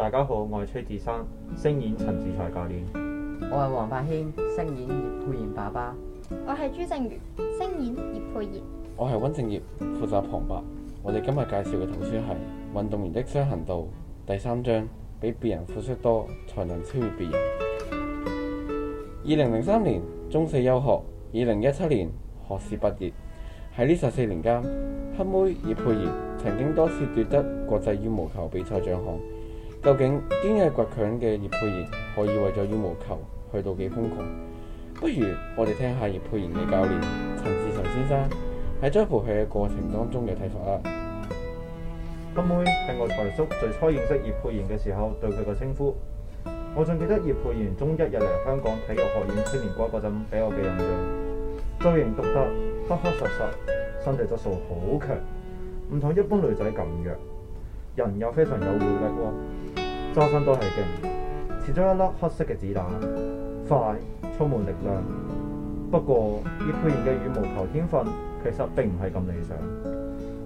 大家好，我係崔指山，飾演陳志才教練。我係黃栢軒，飾演葉佩賢爸爸。我係朱靖瑜，飾演葉佩賢。我係溫正燁，負責旁白。我哋今日介紹嘅圖書係《運動員的雙行道》第三章，比別人付出多，才能超越別人。二零零三年中四休學，二零一七年學士畢業。喺呢十四年間，黑妹葉佩賢曾經多次奪得國際羽毛球比賽獎項。究竟堅毅倔強嘅葉佩延可以為咗羽毛球去到幾瘋狂？不如我哋聽下葉佩延嘅教練陳志祥先生喺追服佢嘅過程當中嘅睇法啦。金妹係我財叔最初認識葉佩延嘅時候對佢嘅稱呼，我仲記得葉佩延中一日嚟，香港體育學院青年隊嗰陣俾我嘅印象，造型獨特，黑黑實實，身體質素好強，唔同一般女仔咁弱。人又非常有活力喎，周身都係勁，始終一粒黑色嘅子彈，快，充滿力量。不過，葉佩然嘅羽毛球天分其實並唔係咁理想。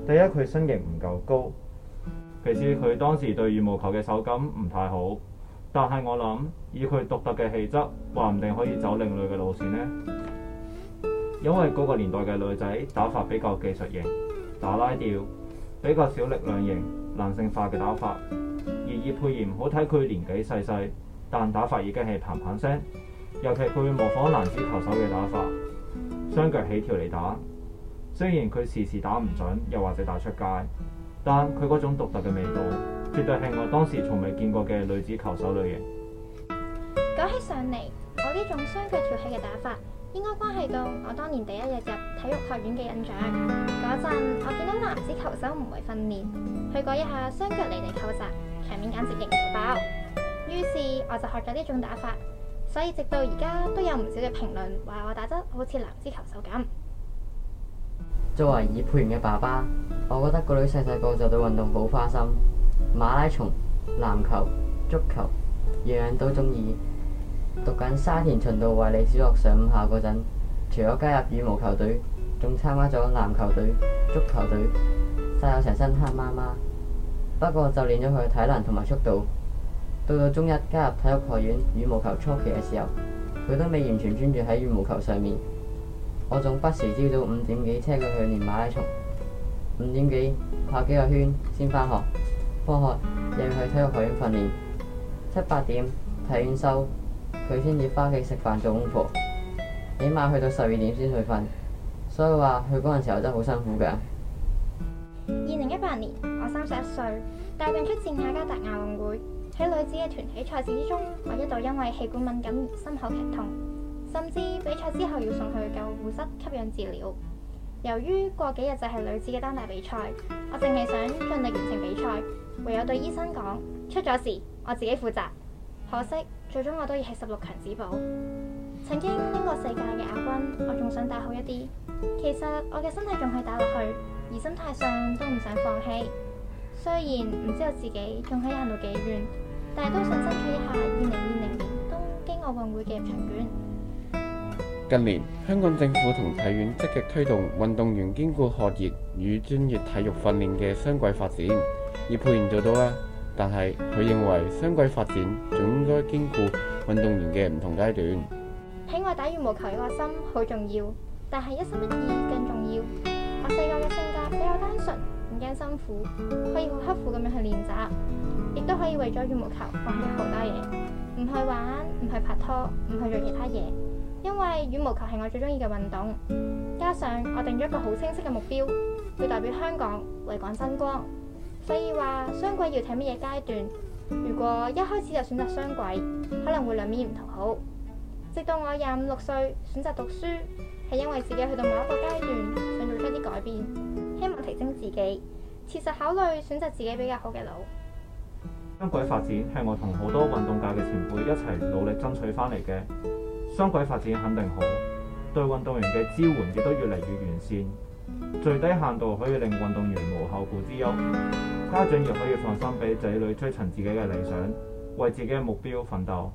第一，佢身形唔夠高；其次，佢當時對羽毛球嘅手感唔太好。但係我諗，以佢獨特嘅氣質，話唔定可以走另類嘅路線呢？因為嗰個年代嘅女仔打法比較技術型，打拉吊比較少力量型。男性化嘅打法，而葉佩儀唔好睇佢年紀細細，但打法已經係嘭嘭聲，尤其佢會模仿男子球手嘅打法，雙腳起跳嚟打。雖然佢時時打唔準，又或者打出街，但佢嗰種獨特嘅味道，絕對係我當時從未見過嘅女子球手類型。講起上嚟，我呢種雙腳跳起嘅打法，應該關係到我當年第一日入體育學院嘅印象。嗰陣我見到男子球手唔會訓練，去過一下雙腳離地球嘅實，場面簡直型到爆。於是我就學咗呢種打法，所以直到而家都有唔少嘅評論話我打得好似男子球手咁。作為耳畔嘅爸爸，我覺得個女細細個就對運動好花心，馬拉松、籃球、足球，樣樣都中意。讀緊沙田循道衛理小學上午校嗰陣，除咗加入羽毛球隊，仲參加咗籃球隊、足球隊，晒咗成身黑媽媽。不過就練咗佢體能同埋速度。到到中一加入體育學院羽毛球初期嘅時候，佢都未完全專注喺羽毛球上面。我仲不時朝早五點幾車佢去練馬拉松，五點幾跑幾個圈先返學。放學又要去體育學院訓練，七八點體院收。佢先至翻屋企食飯做功課，起碼去到十二點先去瞓，所以話佢嗰陣時候真係好辛苦噶。二零一八年，我三十一歲，大病出戰雅加達亞運會。喺女子嘅團體賽事之中，我一度因為氣管敏感而心口劇痛，甚至比賽之後要送去救護室吸氧治療。由於過幾日就係女子嘅單打比賽，我淨係想盡力完成比賽，唯有對醫生講：出咗事，我自己負責。可惜，最終我都要係十六強止步。曾經拎過世界嘅亞軍，我仲想打好一啲。其實我嘅身體仲係打落去，而心態上都唔想放棄。雖然唔知道自己仲可以行到幾遠，但係都想爭取一下二零二零年東京奧運會嘅入場券。近年，香港政府同體院積極推動運動員兼顧學業與專業體育訓練嘅雙軌發展，而配然做到啦。但係佢認為，雙軌發展仲應該兼顧運動員嘅唔同階段。喺我打羽毛球，一個心好重要，但係一心一意更重要。我細個嘅性格比較單純，唔驚辛苦，可以好刻苦咁樣去練習，亦都可以為咗羽毛球放棄好多嘢，唔去玩，唔去拍拖，唔去做其他嘢，因為羽毛球係我最中意嘅運動。加上我定咗一個好清晰嘅目標，要代表香港為港爭光。所以話雙軌要睇乜嘢階段？如果一開始就選擇雙軌，可能會兩面唔同好。直到我廿五六歲選擇讀書，係因為自己去到某一個階段，想做出一啲改變，希望提升自己，切實考慮選擇自己比較好嘅路。雙軌發展係我同好多運動界嘅前輩一齊努力爭取翻嚟嘅。雙軌發展肯定好，對運動員嘅支援亦都越嚟越完善。最低限度可以令運動員無後顧之憂，家長亦可以放心俾仔女追尋自己嘅理想，為自己嘅目標奮鬥。